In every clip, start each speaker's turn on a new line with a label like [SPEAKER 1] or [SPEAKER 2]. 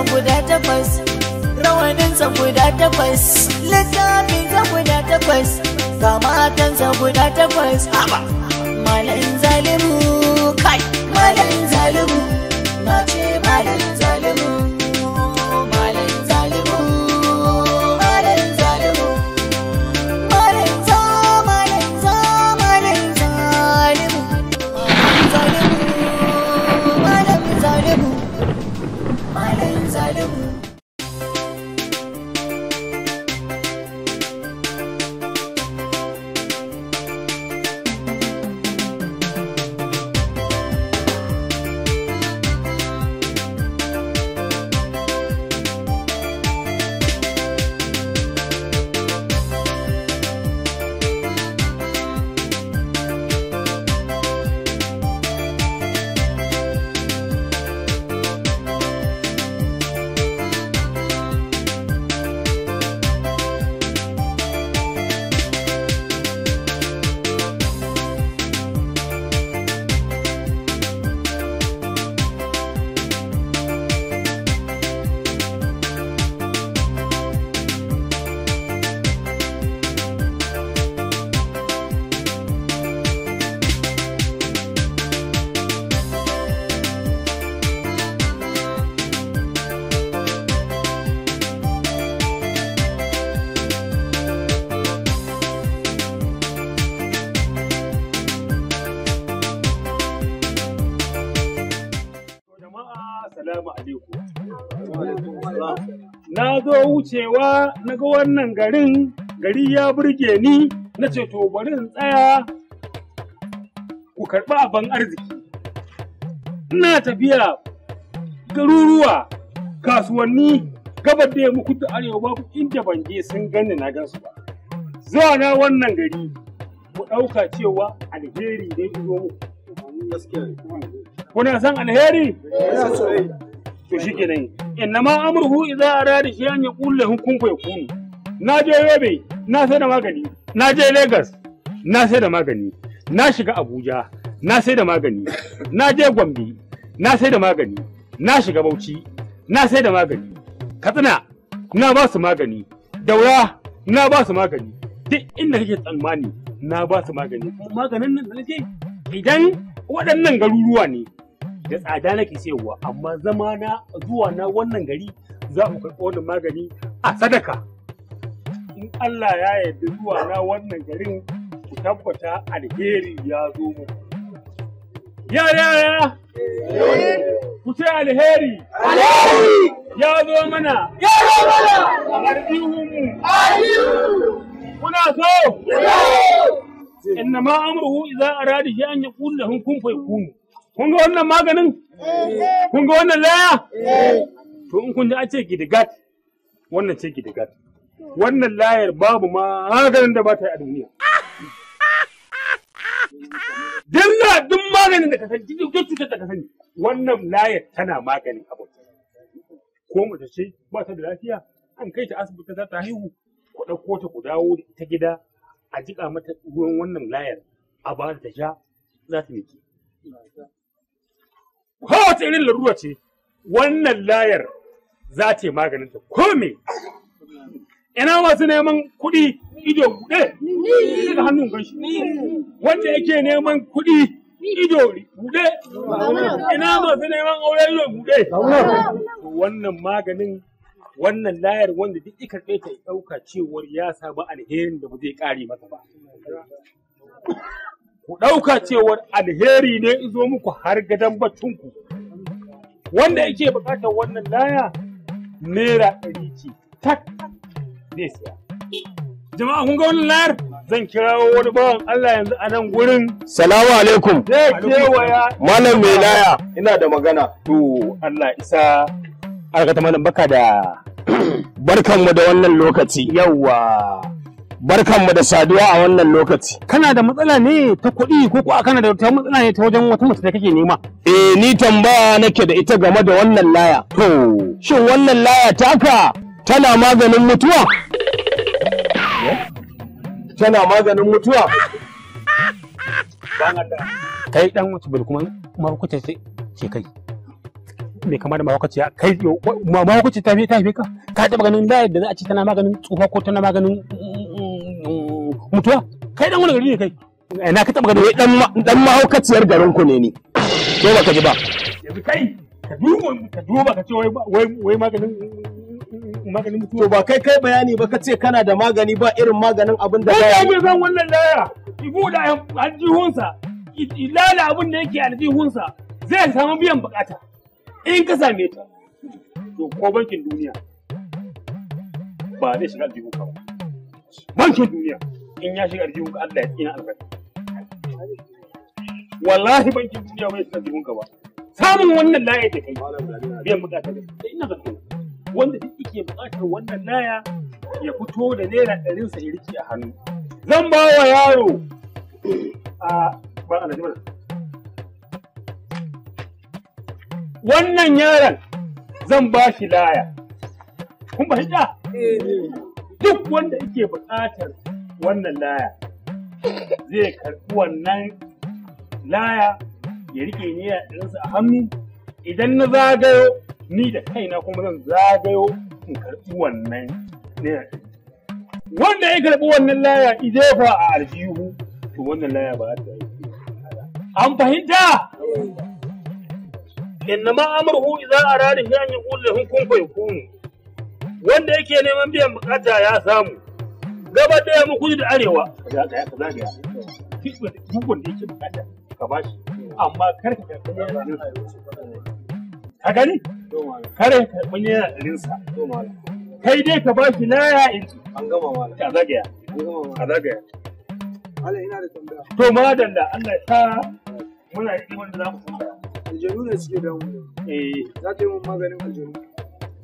[SPEAKER 1] sa guda takwas rawanin sa guda takwas littafin sa guda takwas ga matan sa guda takwas haba malan zalimu kai malan zalimu na ce malan
[SPEAKER 2] wucewa na ga wannan garin gari ya burge ni na ce to bari in tsaya ku karɓi abin arziki ina tafiya garuruwa kasuwanni gabar da muku ta arewa inda ban je sun gani na gansu ba zuwa na wannan gari mu ɗauka cewa alheri ne zo muku kuna san alheri to shi kenan innama amruhu idza arada shay'an yaqul lahu kun fayakun na je yobe na sai da magani na je lagos na sai da magani na shiga abuja na sai da magani na je gombe na sai da magani na shiga bauchi na sai da magani katsina na ba su magani daura na ba su magani duk inda kake tsammani na ba su magani maganin nan da nake idan waɗannan garuruwa ne da tsada nake sayarwa amma zama na zuwa na wannan gari za ku karɓi wannan magani a sadaka in Allah ya yarda zuwa na wannan garin ku tabbata alheri ya zo mu ya ya ku ce alheri alheri ya zo mana ya zo mana aljihunmu kuna so إنما ma إذا أراد arada shay'an yaqul lahum kun fayakun kun ga wannan maganin eh. kun ga wannan laya eh. to in kun ji a ce gidigat wannan ce gidigat wannan layar babu maganin da ba ta yi a duniya dilla duk maganin da ka sani duk cutar da ka sani wannan layar tana maganin abu ko mace ce ba ta da lafiya an kai ta asibiti za ta haihu ku ɗauko ta ku dawo da ita gida a jiƙa mata ruwan wannan layar a ba ta sha za ta miƙe kowace irin larura ce wannan layar za ta yi maganin ta kome. ina masu neman kuɗi ido buɗe daga hannun kanshi wanda yake neman kuɗi ido buɗe ina masu neman aure ido buɗe wannan maganin wannan layar wanda duk ika ta ɗauka cewar ya samu alherin da ba zai ƙari mata ba ku ɗauka cewar alheri ne zo muku har gadon batunku wanda yake buƙatar wannan laya naira ɗari ce tak zai siya jama'a kun ga wannan layar zan kirawo wani bawan Allah yanzu a nan gurin salamu alaikum zai kewaya malam mai laya ina da magana to Allah isa alkata malam baka da barkanmu da wannan lokaci yawwa barkanmu da saduwa a wannan lokaci. Kana da matsala ne ta kuɗi ko kuwa kana da wata matsala ne ta wajen wata mace da kake nema? Eh ni tambaya nake da ita game da wannan laya. To, shin wannan laya taka tana maganin mutuwa? Tana maganin mutuwa? Kai dan wata bil kuma marukuta ce kai. me kama da mawakaci ya kai mawakaci ta fi ta fi ka ka taɓa ganin layar da za a ce tana maganin tsufa ko tana maganin mutuwa kai dan wani gari ne kai ina eh, ka taba gani dan dan mahaukaciyar garin ku ne ni ko baka ji ba yanzu kai ka duba ka duba ka ce wai wai maganin maganin mutuwa ba kai kai bayani ba ka ce kana da magani ba irin maganin
[SPEAKER 1] abin da kai yi zan
[SPEAKER 2] wannan laya ibu da aljihunsa ilala abin da yake aljihunsa zai samu biyan bukata in ka same ta to ko bankin duniya ba zai shiga aljihunka ba bankin duniya in ya shiga aljihun ka Allah ya tsina albarka wallahi ban kin duniya bai tsina aljihun ka ba samun wannan laya ta kai biyan bukatar da ina zato wanda duk yake bukatar wannan laya ya fito da naira ɗarin sa ya rike a hannu zan ba wa yaro a ba alhaji mana wannan yaron zan ba shi laya kun ba shi eh. duk wanda yake bukatar wannan laya zai karɓi wannan laya ya rike niyya ɗinsa a hannu idan na zagayo ni da kaina kuma zan zagayo in karɓi wannan laya. wanda ya karɓi wannan laya ba a aljihu to wannan laya ba ta yi an fahimta ma amruhu idza arada shay'an yaqul lahu kun fayakun wanda yake neman biyan bukata ya samu gaba ɗaya mu kudu da arewa ga daya ka zagaya duk wanda yake bukata ka bashi amma kar ka karɓi ka gani kare ka karɓi yana ɗarinsa kai dai ka bashi naya in an gama mala ka zagaya ka zagaya Allah ina da tambaya to madalla Allah ya sa muna yi wanda za mu tambaya aljanu ne suke damu eh za ta yi mun maganin aljanu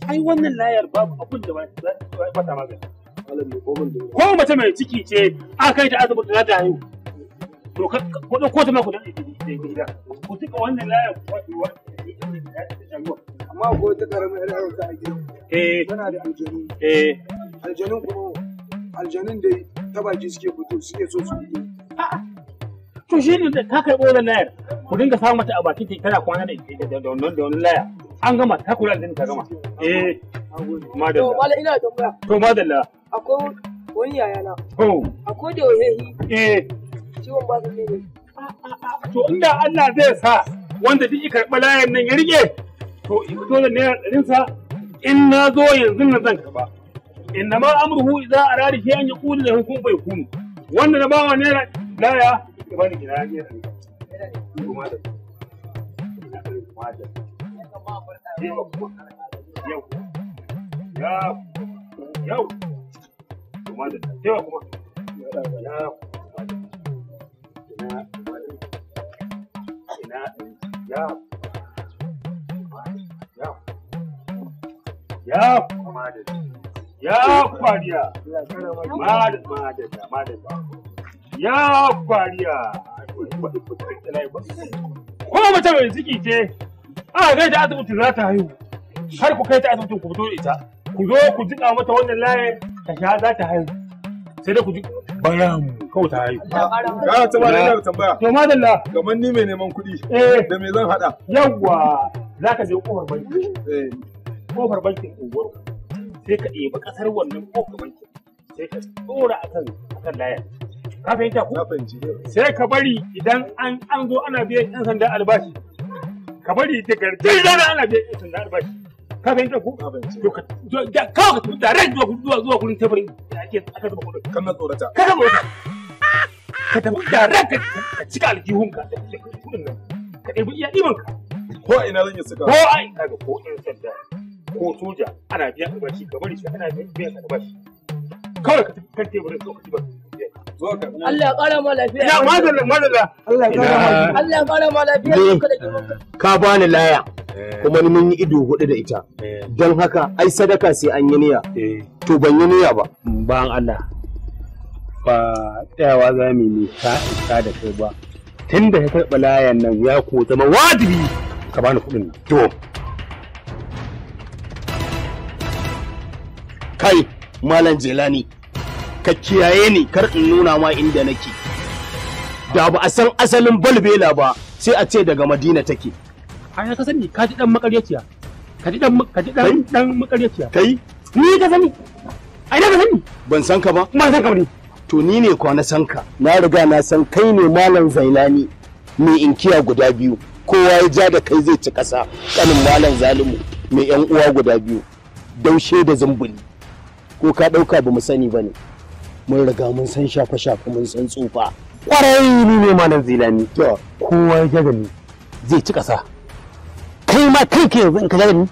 [SPEAKER 2] ai wannan layar babu abin da ba ta magani ko mace mai ciki ce a kai ta asibiti za ta haihu to kudin ko zama kudin gida ku tuka wannan layar kwaɗewa amma ko ta karamin yar hausa a gidan eh tana da aljanu eh aljanun kuma aljanun dai ta baki suke fito suke so su fito to shi ne ta karɓi wannan layar ku dinga samun mata a baki ta tana kwana da wannan layar an gama ta kula da ta gama eh madalla to madalla
[SPEAKER 3] akwai wani yayana. Akwai da wani eh. ciwon ba su ne.
[SPEAKER 2] To inda Allah zai sa wanda duk karɓi layar nan ya rike to in fito da naira ɗarinsa in na zo yanzu na zan karɓa. Inna ma amruhu idza arada shay'an yaqulu lahu kun fayakun. Wanda na bawa naira laya ya bani gida da. Yau, yau, yau. yawa kuma ya kuma da ya kwariya madad madad madad ya kwariya Kuma mace mai ciki ce a gai da asibiti za ta haihu har ku kai ta asibitin ku fito da ita ku zo ku jiƙa mata wannan layin ta sha za ta haihu sai dai ku ji baram kawai ta haihu ka ta ba da tambaya to madalla gaban ni mai neman kuɗi Eh. da me zan hada yawwa za ka je kofar banki kofar eh. bankin unguwar sai ka ɗebi ƙasar wannan kofar bankin sai ka tsora akan akan layar ka fahimta ku sai ka bari idan an an zo ana biyan yan sanda albashi ka bari da gargajiya ana biyan yan sanda albashi ka fahimta ko to ka da ka ka da ran zuwa zuwa zuwa gurin tabarin da ake aka zuba kudin kan tsorata ka tsorata ka tafi da ran ka cika aljihun ka da kudin nan ka ɗebi iya ɗiban ka ko a ina zan yi suka ko a ina ga ko ɗan sanda ko soja ana biyan albashi ka bari shi ana ka albashi kawai ka tafi kan teburin tsokaci ba Allah ya kara
[SPEAKER 1] ma lafiya. Ina madalla madalla.
[SPEAKER 2] Allah ya ma lafiya. Allah ya ma lafiya. Ka bani laya. Eh. Kuma ni mun yi ido hudu da ita. Eh. Don haka ai sadaka sai an yi niyya. Eh. To ban yi niyya ba. Ban Allah. Ba tsayawa za mu yi ta isa da kai ba. Tun da ka karɓi layan nan ya ko zama wajibi ka bani kuɗin nan. To. Kai Malam Jelani. ka kiyaye ni kar in nuna ma inda nake da ba a san asalin balbela ba sai a ce daga madina take ai ka sani ka ji dan makaryaciya ka ji dan ka ji dan dan makaryaciya kai ni ka sani ai na ka sani ban san ka ba ma san ka ba to ni ne kwa na san ka na riga na san kai ne malam Zainani mai inkiya guda biyu kowa ya ja da kai zai ci kasa kanin malam zalimu mai yan uwa guda biyu daushe da zumbuli ko ka dauka ba mu sani ba ne mun riga mun san shafa shafe mun san tsufa kwarai ni ne malam zilani to kowa ya gani zai ci ƙasa kai ma kai ke yanzu in ka gani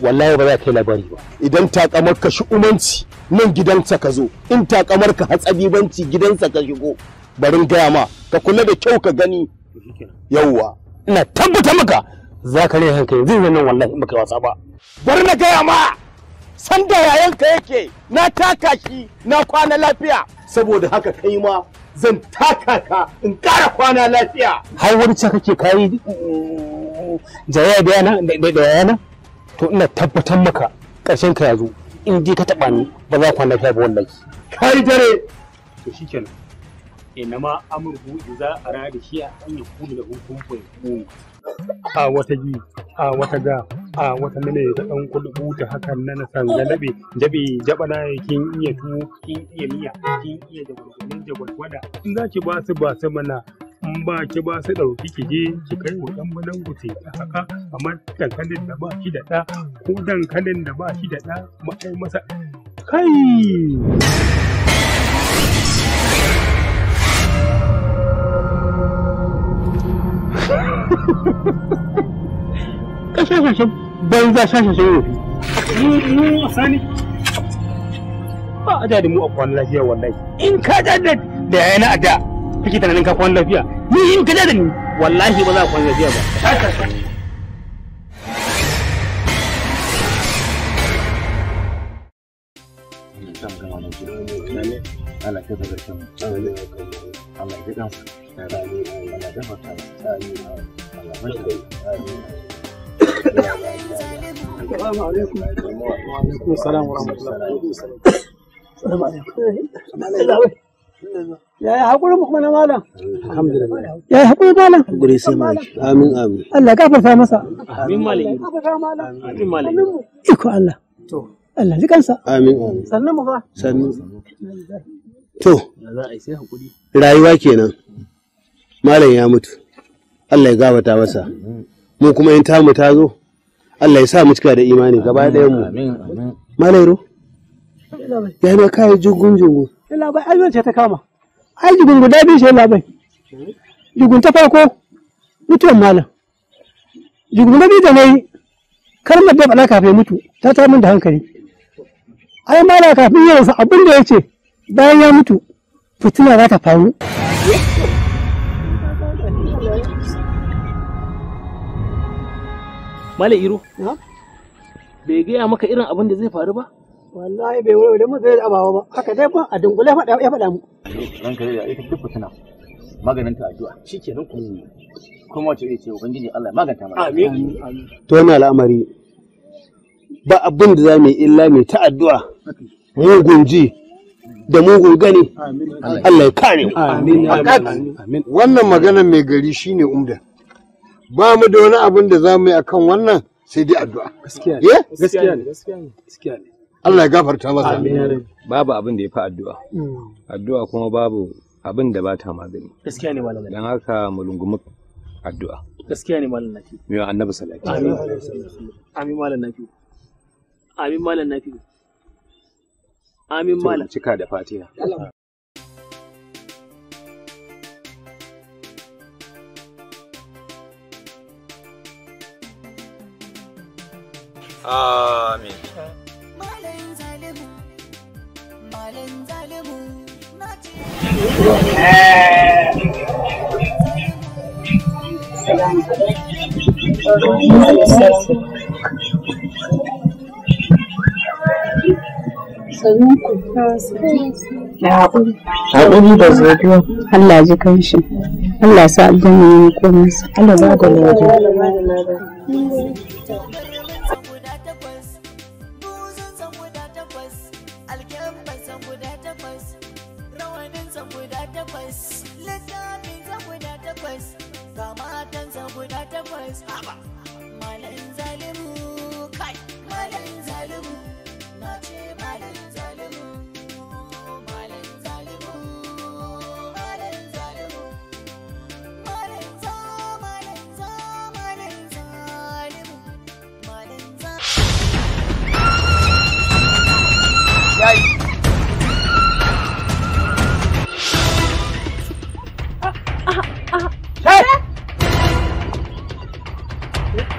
[SPEAKER 2] wallahi ba za ka yi labari ba idan takamar ka shi umanci nan gidansa ka zo in takamar ka banci gidansa ka shigo barin gaya ma ka kula da kyau ka gani yauwa ina tabbata maka za ka rai hankali zai zai nan wallahi yi wasa ba bari na gaya ma sanda yayanka yake na taka shi na kwana lafiya saboda haka kai ma zan taka ka in kara kwana lafiya har wani ce kake kai jaya da yana da yana to ina tabbatar maka karshen ka yazo in dai ka taba ni ba za kwana lafiya ba wallahi kai dare to shikenan inama amurhu za a rada shi a lahu kuma da yakun a wata ji a wata ga a wata mene da ɗan kulbu ta hakan na na labe jabe jabana kin iya tuwo kin iya miya kin iya jagwalgwalin jagwalgwada in za ki ba su ba su mana in ba ki ba su ɗauki ki je ki kai wa ɗan malan ce ta haka amma dankalin da ba shi da ɗa ko dankalin da ba shi da ɗa masa kai ka shashashen banza shashashen yofi sani ba a mu a kwan lafiya wallahi in ka da tunanin ka kwan lafiya ni in ka wallahi ba za kwan lafiya ba
[SPEAKER 3] ana kasa ana ta rani a yi ya zama ta
[SPEAKER 2] tsari a malamai da tsari a
[SPEAKER 3] Yaya hakuri muku mana malam?
[SPEAKER 2] Alhamdulillah. Yaya hakuri malam? Amin amin. Allah ya kafa masa. Amin malam. Amin malam.
[SPEAKER 3] Iko Allah. To. Allah ji kansa. Amin amin. Sannu mu ba.
[SPEAKER 2] Sannu. To. Ya za a yi sai hakuri. Rayuwa kenan. malam ya mutu Allah ya gabata masa mu kuma in tamu ta zo Allah ya sa mu cika da imani gaba ɗayan mu malam ro ya na kai jugun jugun
[SPEAKER 3] labai ai ce ta kama ai jugun guda biyu shi labai jugun ta farko
[SPEAKER 2] mutuwan malam jugun na biyu da kar kalmar da na kafin mutu ta ta min da hankali ai malam kafin yin abin da ya ce bayan ya mutu fitina za ta faru Malam Iro. Bai gaya maka irin abin da zai faru ba?
[SPEAKER 3] Wallahi bai wuri mun zai abawa ba. Haka dai ba a dungule faɗa ya faɗa mu.
[SPEAKER 2] Ranka da ita duk fitina. Maganin ta addu'a. Shikenan ku. Mm. Kuma wace ce Ubangiji Allah maganta mana. Amin. To wannan al'amari ba abin da za mu yi illa mai ta addu'a. Mugun ji da mugun gani. Allah ya kare mu. Amin. Wannan magana mai gari shine umda. ba mu da wani abin da za mu yi akan wannan sai dai addu'a gaskiya ne gaskiya ne gaskiya ne
[SPEAKER 4] Allah ya gafarta masa
[SPEAKER 2] babu abin da ya fi addu'a mm. addu'a kuma babu abin da ba ta magani gaskiya ne malam dan haka mu lungumu addu'a gaskiya ne malam nafi mai annabi sallallahu alaihi wasallam amin malam nafi amin malam nafi amin malam cika da fatiha Amin.
[SPEAKER 3] Haƙuri da zuriya Allah ji kan shi, Allah sa aljanna ne komansa Allah za da wajen.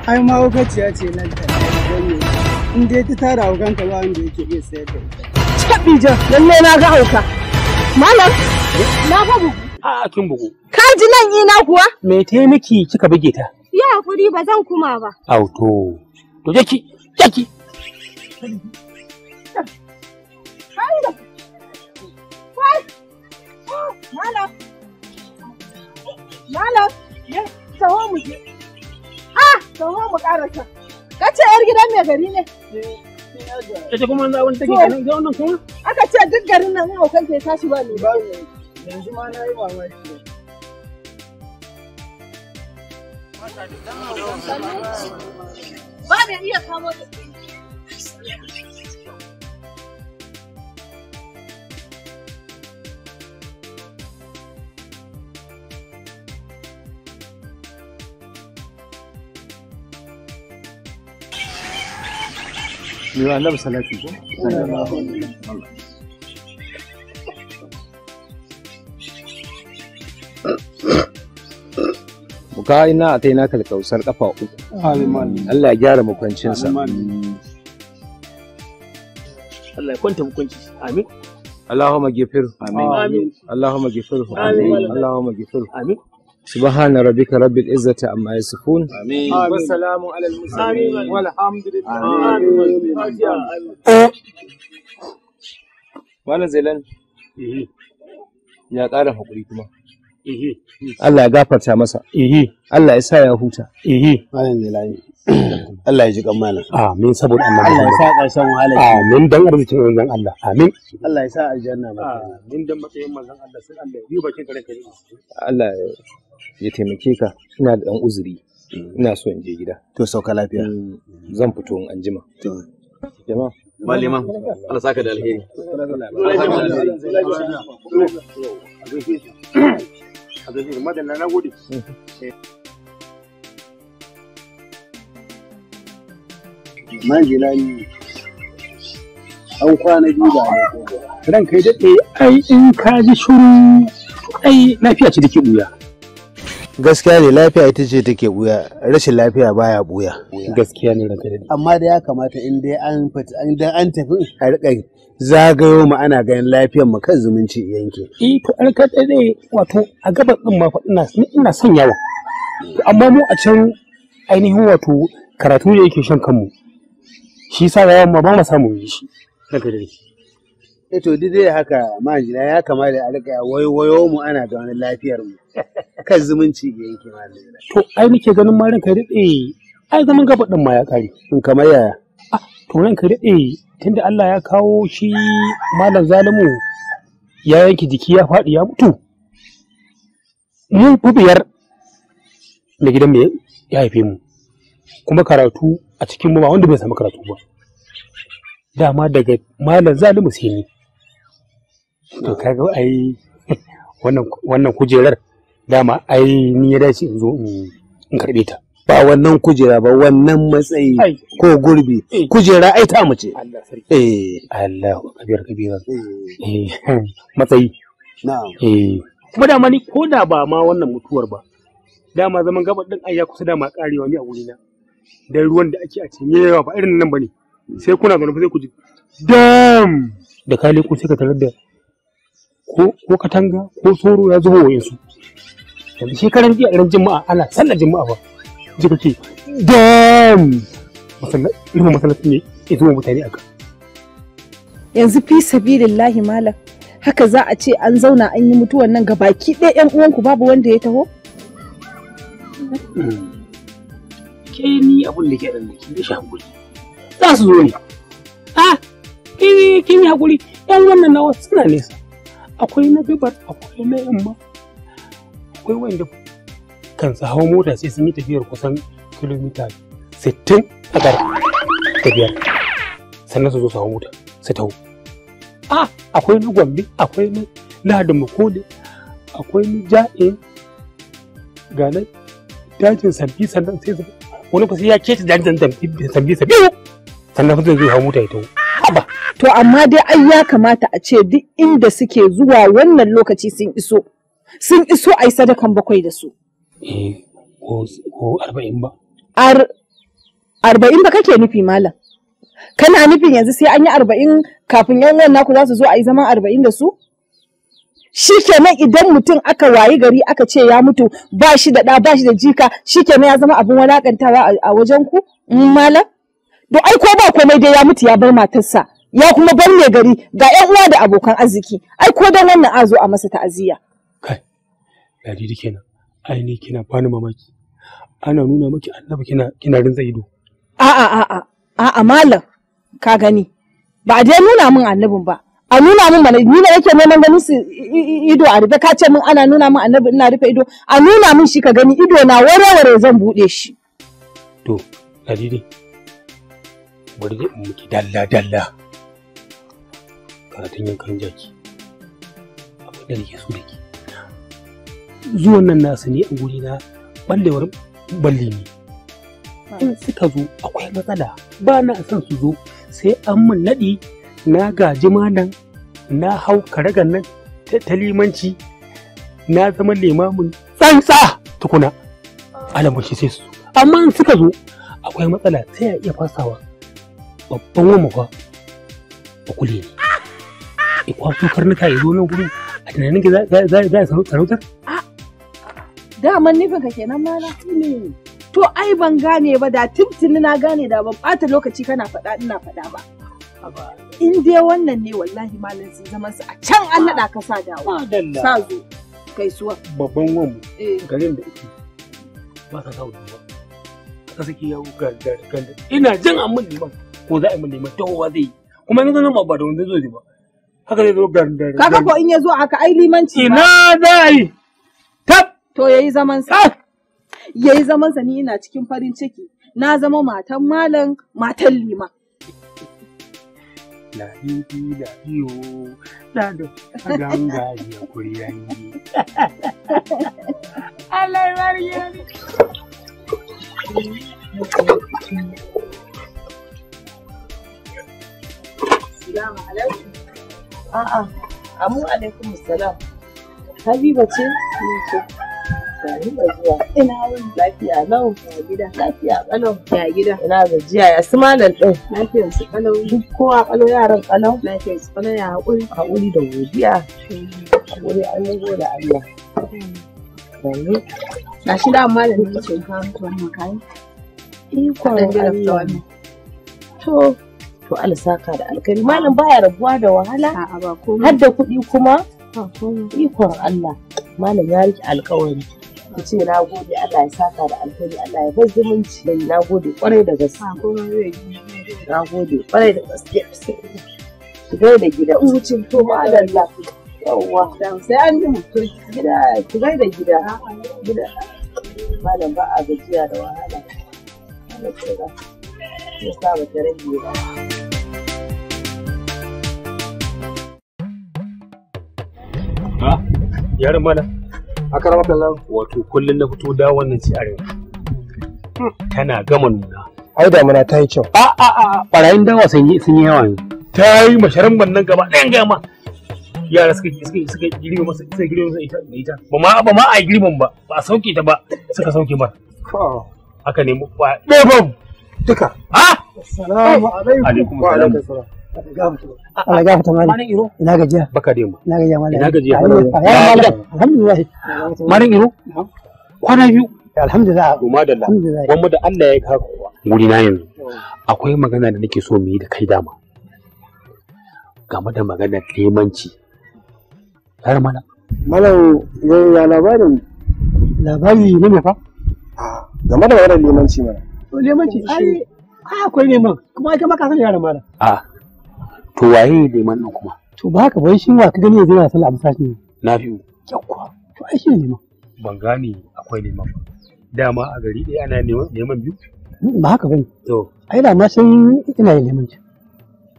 [SPEAKER 2] ai mahaukaciya ce na ta in dai ta tara ta ba wanda yake iya sayar da ita
[SPEAKER 3] cika bijan lalle na ga hauka
[SPEAKER 2] malam na ga bugu a kin bugu ka ji nan ina kuwa me te miki kika buge ta
[SPEAKER 3] ya hakuri ba zan kuma ba
[SPEAKER 2] auto to jeki jeki
[SPEAKER 3] Malam, malam, ya, tsawo mu je. Zama mu ƙarasa. Kace yar gidan mai gari ne?
[SPEAKER 2] Kace kuma za wani take ganin ga
[SPEAKER 3] wannan kuma? Aka ce duk garin nan haukan ke tashi ba ne. Ba
[SPEAKER 1] Yanzu ma na yi mamaki.
[SPEAKER 3] Ba mai iya kamo da
[SPEAKER 2] yi wa annabi salati ko ka ina a ta naka da kausar kafa uku Allah ya gyara makwancinsa Allah ya kwanta makwanci amin Allahumma gifir amin Allahumma gifir amin Allahumma gifir amin سبحان ربك رب العزة عما يصفون آمين والسلام على المرسلين والحمد لله Malam Zailan ya ƙara haƙuri kuma. Allah ya gafarta masa. Allah ya sa ya huta. Malam Allah ya ji kan malam. Amin saboda Allah. ya sa ƙarshen wahala. Amin dan arzikin manzon Allah. Amin. Allah ya sa aljanna maka. Amin dan matsayin manzon Allah sai Allah ya yi bakin kare kare. Allah ya ya taimake ka ina da ɗan uzuri mm. ina so in je gida to sauka lafiya mm. zan fito in anjima to jama'a malima Allah saka da alheri manjilani an kwana biyu da ran kai daɗe ai in ka ji shuru ai lafiya ce da ke ɓuya gaskiya ne lafiya ita ce take buya rashin lafiya baya buya gaskiya ne amma da ya kamata in dai an fita an an tafi a rika zagayo mu ana ganin lafiyar mu kan zumunci yanke eh to an ka wato a gaban din ma fa ina ina son yawa amma mu a can ainihin wato karatu da yake shan kanmu shi sa yawan ma ba mu samu shi eto eh, to dai haka ma'ajina ya kamata a rika wayo mu ana da wani lafiyar mu kan zumunci da yake ma'ajina to ai nake ganin ma ranka daɗe ai zaman gaba din ma ya kare in kamar yaya ah to ranka daɗe tunda Allah ya kawo shi malam zalimu ya yanke jiki ya faɗi ya mutu mun fi biyar da gidan mai ya haife mu kuma karatu a cikin mu ba wanda bai samu karatu ba dama daga malam zalimu sai ni to ga ai wannan wannan kujerar dama ai ni ya dace in zo in karbe ta ba wannan kujera ba wannan matsayi ko gurbi eh. kujera ai ta mace eh Allahu kabir kabira eh, eh matsayi na'am eh kuma dama ni ko da ba ma wannan mutuwar ba dama zaman gaba din ai ya kusa dama karewa ni a na dan ruwan da ake a cinye yawa ba irin nan bane sai kuna zaune sai ku ji dam da kale ku sai ka tarar da ko katanga ko soro ya zuwa yansu yanzu shekaran jiya ran juma'a ana sallar juma'a ba ji kake dam irin masallaci ne ya zuwa mutane aka
[SPEAKER 3] yanzu fi sabilillahi malam haka za a ce an zauna an yi mutuwan nan baki ɗaya yan uwanku babu wanda ya taho
[SPEAKER 2] ke ni abun da ke da kin da shaguri za su zo ne ah kini hakuri yan wannan nawa suna nesa akwai na gabar akwai na yamma akwai wanda kan su mota sai sun yi tafiyar kusan kilomita 60 a ƙara sannan su zo su hau mota su taho a akwai na gombe akwai na lahadin makole akwai na ja'e, ga dajin samfi sannan sai su wani kusa ya kece dajin samfi samfi sannan su zo hau mota ya taho To amma dai ai ya kamata a ce duk inda suke
[SPEAKER 3] zuwa wannan lokaci sun iso. Sun iso ai sadakan bakwai da su.
[SPEAKER 2] Eh, ko arba'in ba.
[SPEAKER 3] Arba'in ba kake nufi malam. Kana nufin yanzu sai an yi arba'in kafin yan nan naku za su zo a yi zaman arba'in da su? Shi kenan idan mutum aka wayi gari aka ce ya mutu ba shi da ɗa ba shi da jika shi kenan ya zama abin walakantawa a wajen ku mm, malam? Do ai ko ba komai dai ya mutu ya bar matarsa ya kuma bar mai gari ga yan uwa da abokan arziki ai ko dan wannan azo a masa ta'aziyya kai
[SPEAKER 2] dike kenan ai ni kina bani mamaki ana nuna maki annabi kina kina rinza ido
[SPEAKER 3] a a, a'a malam ka gani ba a dai nuna min annabin ba a nuna min mana ni ne yake neman ganin su ido a rufe ka ce min ana nuna min annabi ina rufe ido a nuna min shi ka gani ido na wareware zan bude shi
[SPEAKER 2] to dike bari mu ki dalla dalla karatun yankan jaki abin da ke so da ke zuwan nan nasu ne a guri na ballewar balle ne in suka zo akwai matsala ba na son su zo sai an mun naɗi na gaji malam na hau karagan nan ta limanci na zama limamin tsantsa tukuna alamun shi sai su amma in suka zo akwai matsala sai a iya fasawa babban wamafa a kule ne ya kwato karnuka ya zo nan gurin a tunanin ki za a sarautar?
[SPEAKER 3] Daman nufin ka kenan mala. To ai ban gane ba da tuntuni na gane da ban ɓata lokaci kana faɗa ina faɗa ba. In dai wannan ne wallahi malam sai zama su a can an naɗa
[SPEAKER 2] ka sa dawa. Sa zo kai gaisuwa. Babban wanmu eh. garin da ake ba sa sa ba. Ka saki yawo ganda. Ina jin an mun neman ko za a yi mun neman tahowa zai yi. Kuma yanzu nan ba da wanda zai zo ba. haka zai zo gandar kaga ko in
[SPEAKER 3] ya zo aka ai limanci ina za a yi
[SPEAKER 2] tab to yayi zaman sa ah!
[SPEAKER 3] yayi zaman sa ni ina cikin farin ciki na zama matan malam matan lima
[SPEAKER 2] la bibi la biyo la da ganga ya kuriyan
[SPEAKER 3] Allah ya A'a, amu alaikum salam. Habiba ce? Ni Gani ba zuwa. Ina wani lafiya gida. Lafiya gida. Ina gajiya ya su malam ɗin. Lafiyar su kalau. Duk kowa kalau yaran kalau. Lafiyar su kalau ya haƙuri. Haƙuri da godiya. Haƙuri an yi da Allah. Gani. Ga shi da amma da nake cin tuwon makayi. Ikon Allah. To, to alsaka da alkari malam baya rabuwa da wahala har da kuɗi kuma ikon Allah malam ya rike alkawari ku ce na gode Allah ya saka da alkhairi Allah ya bar zumunci da na gode kwarai da gaske na gode kwarai da gaske ki gai da gida wuce to madalla yawwa sai an yi mutum gida ki gai da gida malam ba a gajiya da wahala shi yasa
[SPEAKER 2] ta yarin mana aka kallon wato na fito da wannan ci arewa tana gama nuna ai damuna ta yi kyau a a a barayin dawa sun yi sun yi yawa ne ta yi masharan bannan gaba ɗayan gama yara suka suka suka girbe masa suka girbe masa ita da ita ba ma ba ma a girban ba ba a sauke ta ba suka sauke ba haka ne mu ba duka ha assalamu alaikum wa alaikum salam Allah gafa Ina gajiya. Baka Ina gajiya Ina gajiya. Alhamdulillah. Iro? Kwana biyu. Alhamdulillah. yanzu. Akwai magana da nake so mu yi da kai dama. Game da maganar limanci. Yar labarin labari ne fa? Ah, game da limanci mana.
[SPEAKER 3] To lemanci ai akwai neman kuma ita maka
[SPEAKER 2] sani san yaran mala. A to waye neman ɗin kuma? To ba haka bai shi wa ka gani yanzu yana sallah amsa shi. Na fi yakwa to ai shi neman. Ban gane akwai neman ba. Dama a gari ɗaya ana neman biyu? Hmm, ba haka bane. To. Ai da ma san ina yin neman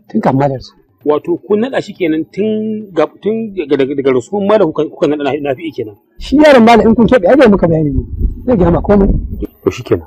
[SPEAKER 2] tun kan malar su. wato kun naɗa shi kenan tun tun daga rasuwan mala kuka naɗa na fi kenan. Shi yaran mala in kun keɓe ai muka bayani ne zai gama komai. To shi kenan.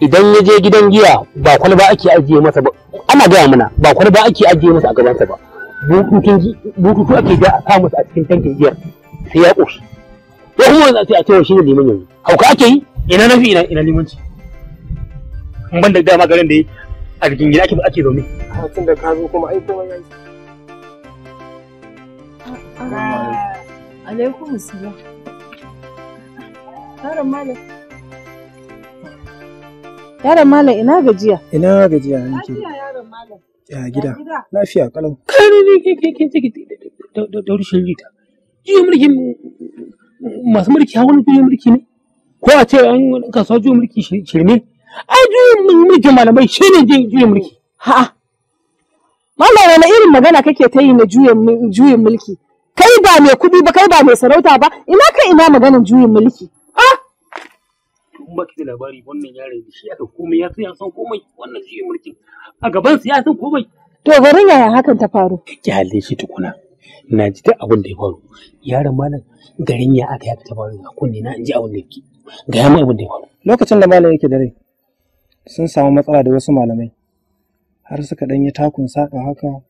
[SPEAKER 2] idan ya je gidan giya ba kwalba ake ajiye masa ba ana gaya mana ba kwalba ake ajiye masa a gabansa ba bututu ake ga a samu a cikin tankin giyar sai ya ƙoshi ko kuma wanda sai a cewa shi ne liman yanzu hauka ake yi ina nafi ina ina limanci in ban da dama garin da yi a cikin gida ake ba ake zaune a ah, da ka zo kuma ai kuma yayi
[SPEAKER 3] ah, ah, alaikum assalam Karin malam. Yaron Malam ina gajiya?
[SPEAKER 2] Ina gajiya nake. Lafiya yaron Malam. Ya gida. Lafiya kalau. Kare ne ke ke ke ke da da rushin rita. Jiya mulki masu mulki ha wani jiya mulki ne? Ko a ce an kasuwa jiya mulki shirme? Ai jiya mulki malamai shi ne jiya mulki. Ha. Malam wani irin magana kake ta yi na juyin mulki? Kai ba
[SPEAKER 3] mai kuɗi ba, kai ba mai sarauta ba, ina kai ina maganin juyin mulki.
[SPEAKER 2] to in baki da labari wannan yaron shi aka komai ya san san komai wannan shi mulkin a gaban su ya san komai to bari yaya hakan ta faru kyale shi tukuna na ji duk abin da ya faru yaron malam garin ya aka yaka ta faru a kunne na in ji abin da yake
[SPEAKER 3] ga ya abin da ya faru
[SPEAKER 2] lokacin da malam yake da rai sun samu matsala da wasu malamai har suka dan yi takun saka haka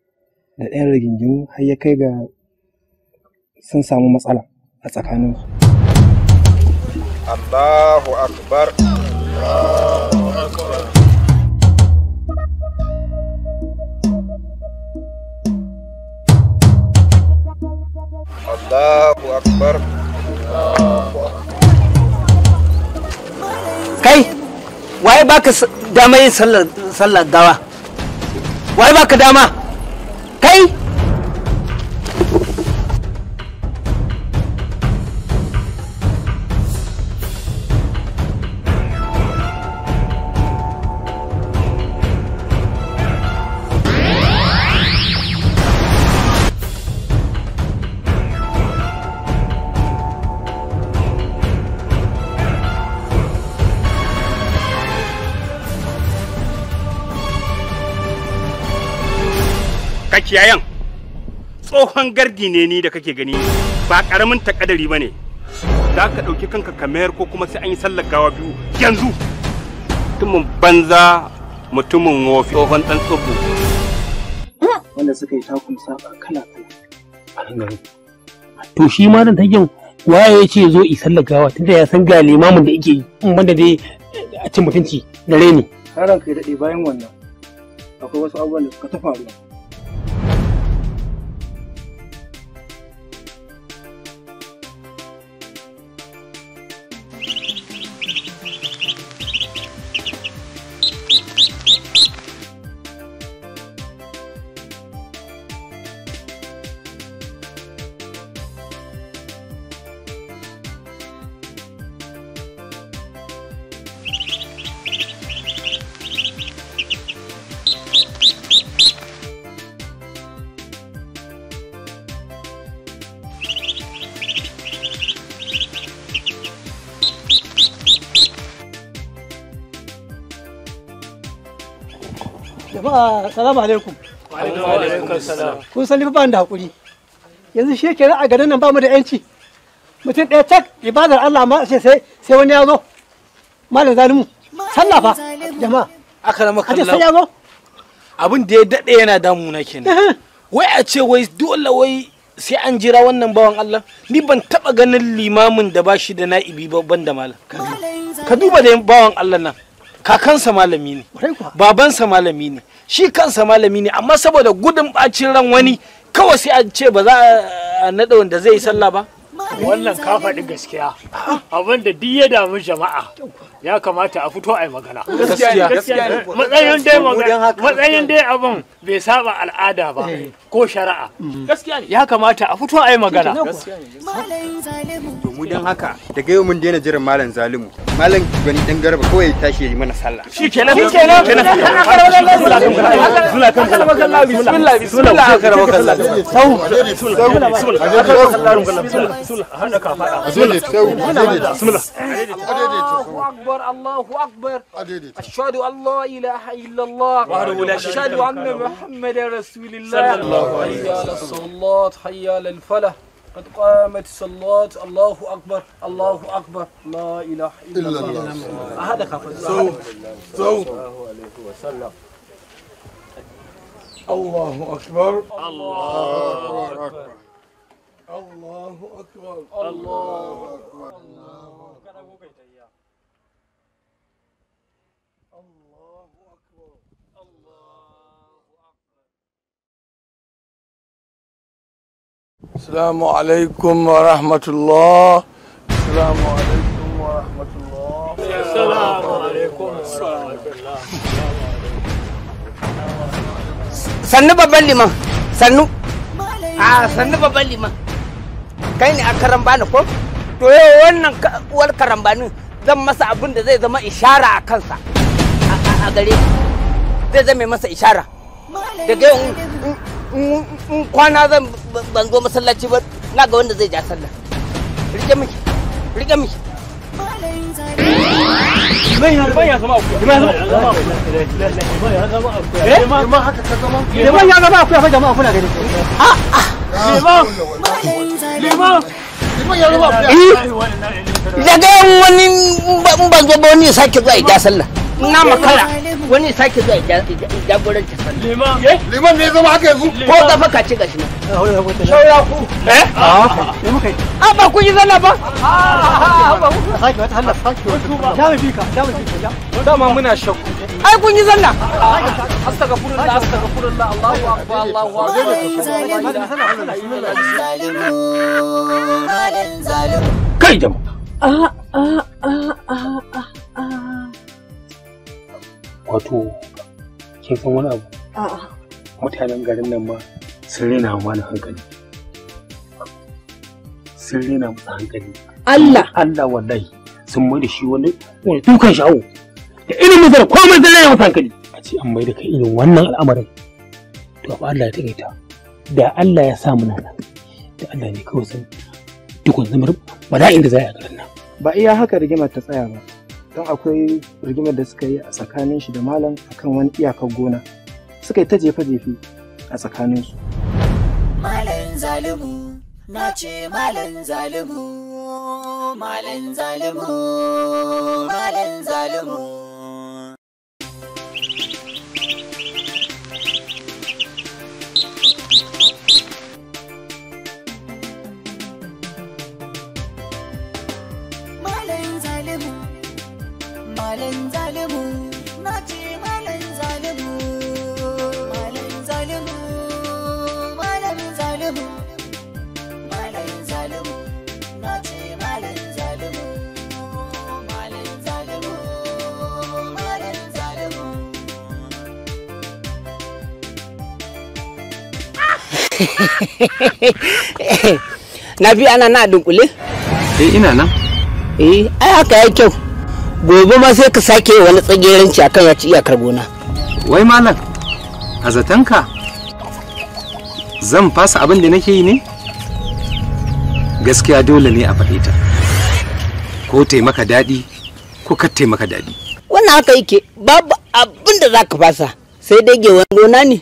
[SPEAKER 2] da ɗayan rigingimu har ya kai ga sun samu matsala a tsakaninsu. Allahu akbar Allahu akbar
[SPEAKER 1] Kai waye baka dama yin sallar gawa waye baka dama kai
[SPEAKER 2] kiyayen tsohon gardi ne ni da kake gani ba karamin takadari ba ne za ka ɗauki kanka ka mayar ko kuma sai an yi sallar gawa biyu yanzu mutumin banza mutumin wofi tsohon ɗan tsoho wanda suka yi takun saba kala kala to shi ma nan tagen waye ya ce zo sallar gawa tunda ya san ga limamin da yake yi banda dai a cin mutunci gare ni. Karan kai daɗe bayan wannan akwai wasu abubuwan da suka ta Salamu alaikum. Kun san lifa da hakuri. Yanzu shi ke a garin nan
[SPEAKER 3] ba mu da yanci. Mutum ɗaya tak ibadar Allah ma sai sai wani ya zo.
[SPEAKER 2] Malam zalimu. Sallah fa jama'a. Aka rama kallon. Sai ya zo. Abin da ya daɗe yana damuna kenan. Wai a ce wai dole wai sai an jira wannan bawan Allah ni ban taba ganin limamin da bashi da na'ibi ba ban da malam ka duba da bawan Allah nan kakansa malami ne babansa malami ne shi kansa malami ne amma saboda gudun bacin ran wani kawai sai a ce ba za a naɗa wanda zai yi sallah ba wannan ka faɗi gaskiya abin da duk ya damu jama'a ya kamata a fito a yi magana matsayin dai matsayin dai abin bai saba al'ada ba eh. ko shari'a mm. ya kamata a fito a yi magana domin don haka daga yau mun daina jiran malam zalimu مالك بني دنگر بكوي تاشي من سالا الله اكبر اشهد ان لا اله الا الله اشهد ان محمد رسول الله اللهم صل على الصلاه حي على الفلاح قد قامت الصلاة الله أكبر الله أكبر لا إله إلا الله هذا خفض صوم صوم الله عليه وسلم الله أكبر الله أكبر الله أكبر الله أكبر السلام alaikum wa rahmatulah. السلام alaikum wa rahmatulah. السلام
[SPEAKER 1] عليكم ورحمة الله sannu babban liman sannu a ah, sannu babban liman kai ne a karambani ko to yau wannan uwar karambanin zan masa abin da zai zama ishara a kansa a gare zai zama masa ishara daga yau in kwana zan ban zo masallaci ba na ga wanda zai ja sallah rike miki rike miki Liman eh? ya zama akuya.
[SPEAKER 3] fa jama'a kuna gani.
[SPEAKER 2] Liman.
[SPEAKER 1] Liman. Liman ya zama akuya. Eh? Daga wani ban zo ba wani sake zuwa ya ja sallah. na makara wani sake zuwa jagoranta sani liman eh? ne zama haka yanzu ko da faka ci gashi nan eh, shaura ku eh ah, a ah, ah, ba ku yi zalla ba sake wata hallar sake wata da mu fika
[SPEAKER 2] da mu fika dama muna shakku ai kun yi zalla astagfirullah astagfirullah Allahu akbar Allahu akbar kai
[SPEAKER 3] jama'a a a a
[SPEAKER 2] a a wato kin san wani abu a'a mutanen garin nan ma sun rena mana hankali sun rena mu hankali Allah Allah wallahi sun mai da shi wani wani dukan shawo da irin masar komai sun rena masa hankali a ce an mai da kai irin wannan al'amarin to abu Allah ya ta, da Allah ya sa mu nan da Allah ne kawai san dukan zamar bala'in da za a yi a garin nan ba iya haka rigimar ta tsaya ba don akwai rigimar da suka yi a tsakanin shi da malam akan wani iyakar gona suka yi ta jefe-jefe a tsakaninsu.
[SPEAKER 1] Malam zalimu na ce
[SPEAKER 3] malam zalimu malam zalimu malam zalimu
[SPEAKER 1] na bi ana na dunkule eh ina nan eh ai haka ya kyau gobe ma sai ka sake wani tsageranci akan ya ci iyakar gona wai malam a zan fasa abin da nake yi ne
[SPEAKER 2] gaskiya dole ne a fahimta, ta ko taimaka daɗi ko ka taimaka daɗi
[SPEAKER 1] wannan haka yake babu abin da za ka fasa sai dai wani gona ne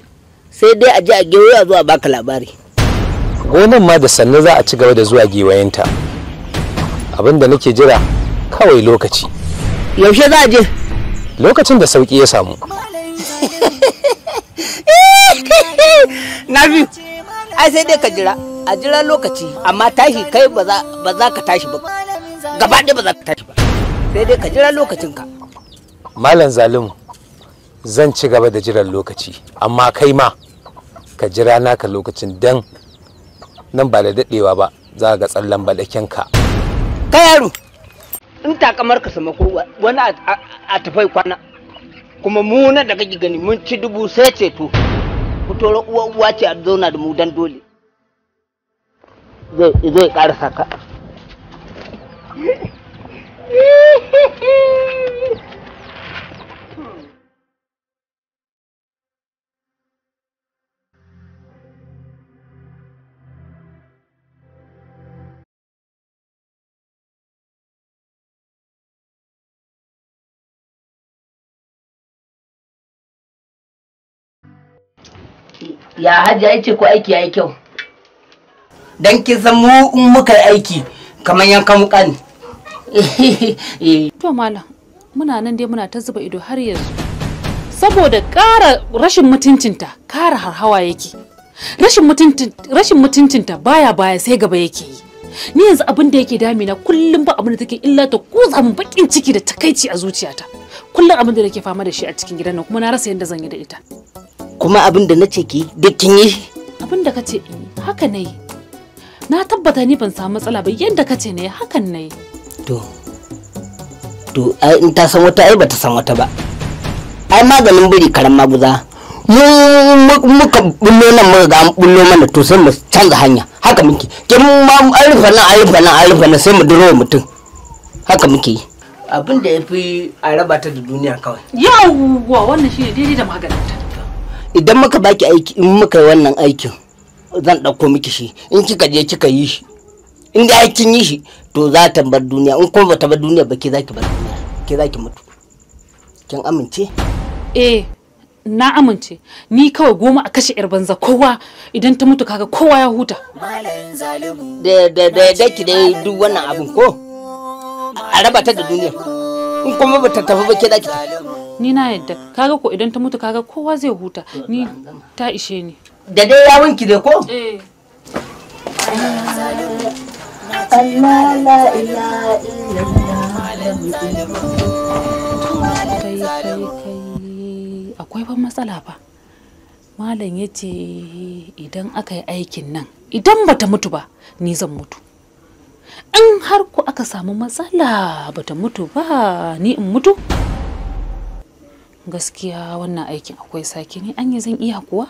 [SPEAKER 1] sai dai a je a gewaya zuwa baka labari gonan ma da sannu za a ci gaba da zuwa gewayenta abin da nake jira kawai lokaci yaushe
[SPEAKER 2] za a je lokacin da sauki ya samu
[SPEAKER 1] na biyu ai sai dai ka jira a jira lokaci amma tashi kai ba za ka tashi ba gaba ɗaya ba za ka tashi ba sai dai ka jira lokacinka
[SPEAKER 2] malam zalimu zan ci gaba da jiran lokaci amma kai ma ka jira naka lokacin dan nan ba da daɗewa ba za ga tsallan balakin ka
[SPEAKER 1] ka yaro in takamar ka sama wani a tafai kwana kuma mu na daga gani mun ci dubu sai ceto ku toro uwa uwa ce a zauna da mu dan dole zai zai karasa ka ya hajji ai ce ko aiki ya yi kyau dan ki san mu in muka yi aiki kamar yankan wuka ne eh.
[SPEAKER 4] to malam muna nan dai muna ta zuba ido har yanzu saboda ƙara rashin mutuncinta ƙara harhawa yake rashin mutuncinta baya baya sai gaba yake yi ni yanzu abin da yake damina kullum ba abin da take illa ta kutsa min bakin ciki da takaici a zuciyata kullum abin da nake fama da shi a cikin gidan nan kuma na rasa yadda zan yi da ita
[SPEAKER 1] kuma abin da na ce ki duk kin yi
[SPEAKER 4] abin da kace in haka ne na tabbata ni ban samu matsala ba yadda kace ne hakan ne
[SPEAKER 1] to to ai in ta san wata ai bata san wata ba ai maganin biri karan maguza mu muka bullo nan muka ga an bullo mana to sai mu canza hanya haka muke mu ma an rufe nan an rufe nan an rufe nan sai mu duro mutum haka muke yi abin da ya fi a raba ta da duniya kawai
[SPEAKER 4] yawwa wannan shi ne daidai da maganin ta
[SPEAKER 1] idan muka baki aiki in muka yi wannan aikin zan ɗauko miki shi in kika je kika yi shi in da aikin yi shi to za ta bar duniya in kuma bata bar duniya ba ke zaki bar duniya ke zaki mutu
[SPEAKER 4] kin amince eh na amince ni kawai goma a kashe yar banza kowa idan ta mutu kaga kowa ya huta da
[SPEAKER 1] da da da ki dai duk wannan abin ko a raba ta da duniya in kuma bata tafi ba ke zaki tafi
[SPEAKER 4] ni na yadda kaga ko idan ta mutu kaga kowa zai huta ni ta ishe ni da dai ya wanki dai ko eh akwai ban matsala ba malam ya ce idan aka yi aikin nan idan bata mutu ba ni zan mutu in har ku aka samu matsala bata mutu ba ni in mutu gaskiya wannan aikin akwai sake ne an yi zan iya kuwa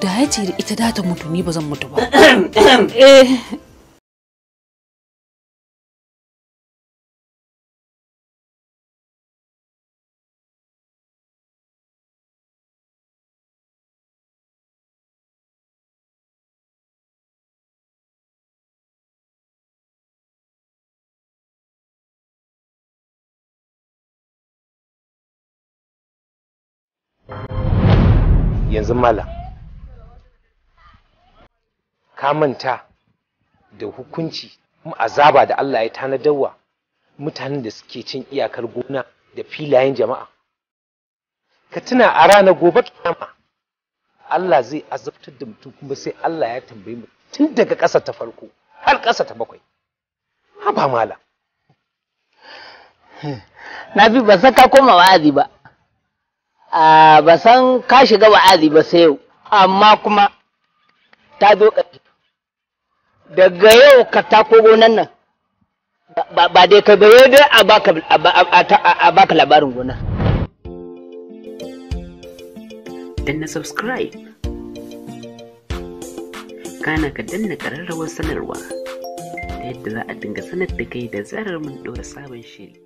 [SPEAKER 4] da ya ce ita data mutu ni ba zan mutu ba
[SPEAKER 3] eh
[SPEAKER 2] yanzu malam ka manta da hukunci azaba da Allah ya wa mutanen da suke cin iyakar gona da filayen jama'a ka tuna a ranar gobe kiyama Allah zai azabtar da mutum kuma sai Allah ya tambaye mu tun daga ƙasa ta farko
[SPEAKER 1] har ƙasa ta bakwai haba mala na bi ba saka koma wa'azi ba ba san ka shiga wa'azi ba sai yau amma kuma ta zo ƙarfi daga yau ka tako gonan nan ba dai ka bayo dai a baka labarin gona. danna
[SPEAKER 4] subscribe kana ka danna ƙararrawar sanarwa ta yadda za a dinga sanar da kai da zarar mun ɗora sabon shiri